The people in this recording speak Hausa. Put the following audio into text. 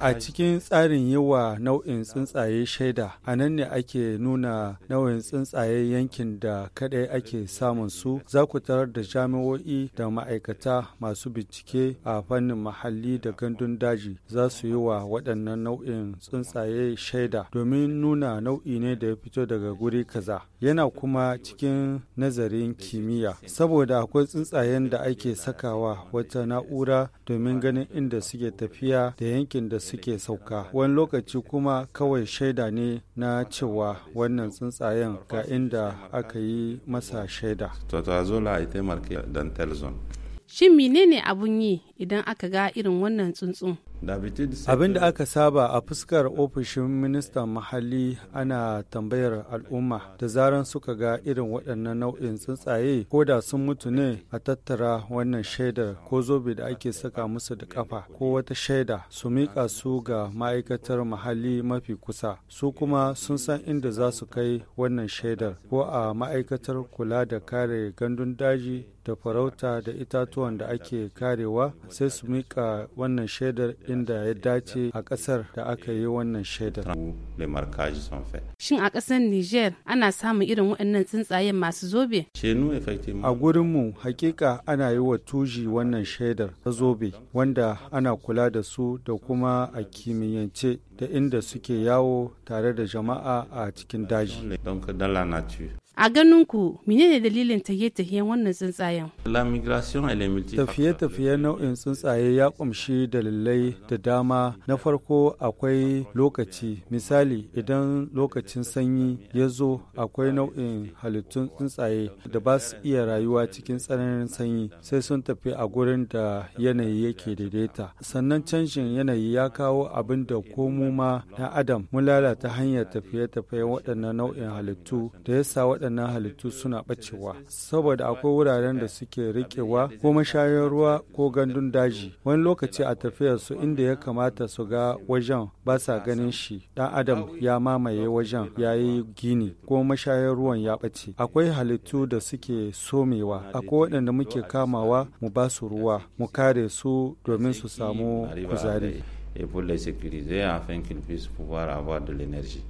A cikin tsarin yawa nau'in tsuntsaye shaida, a nan ne ake nuna nau'in tsuntsaye yankin da kadai ake samun su, za ku tarar da jami'o'i da ma'aikata masu bincike a fannin mahalli da gandun daji za su yi wa waɗannan nau'in tsuntsaye shaida domin nuna nau'i ne da ya fito daga guri kaza. Yana kuma cikin nazarin kimiyya, saboda akwai tsuntsayen da ake sakawa wata na'ura domin ganin inda suke tafiya gaskiya da yankin da suke sauka wani lokaci kuma kawai shaida ne na cewa wannan tsuntsayen ga inda aka yi masa shaida shin menene abun yi idan aka ga irin wannan tsuntsun Abin da aka saba a fuskar ofishin ministan mahalli ana tambayar al'umma da zaran suka ga irin waɗannan nau'in tsuntsaye ko da sun mutu ne a tattara wannan shaidar ko zobe da ake saka musu da ƙafa ko wata shaida su miƙa su ga ma'aikatar mahalli mafi kusa su kuma sun san inda za su kai wannan shaidar ko a ma'aikatar kula da kare gandun daji da farauta da itatuwan da ake karewa sai su miƙa wannan shaidar inda ya dace a ƙasar da aka yi wannan shaidar. Shin a ƙasar Niger ana samun irin waɗannan tsuntsaye masu zobe? A gurinmu hakika ana yi wa tuji wannan shaidar ta zobe wanda ana kula da su da kuma a kimiyyance da inda suke yawo tare da jama'a a cikin daji. A ganinku, menene dalilin tafiye-tafiyen wannan tsuntsayen? Tafiye-tafiye nau'in tsuntsaye ya kumshi dalilai da dama. Na farko akwai lokaci, misali idan lokacin sanyi ya zo akwai nau'in halittun tsuntsaye da ba su iya rayuwa cikin tsananin sanyi sai sun tafi a gurin da yanayi yake daidaita. Sannan canjin yanayi ya kawo abin da komo mu ɗan adam mun lalata hanyar tafiye tafiye waɗannan nau'in halittu da yasa waɗannan halittu suna ɓacewa saboda akwai wuraren da suke riƙewa ko mashayar ruwa ko gandun daji wani lokaci a tafiyar su inda ya kamata su ga wajen ba sa ganin shi ɗan adam ya mamaye wajen ya yi gini ko mashayar ruwan ya ɓace akwai halittu da suke somewa akwai waɗanda muke kamawa mu ba su ruwa mu kare su domin su samu kuzari et pour les sécuriser afin qu'ils puissent pouvoir avoir de l'énergie.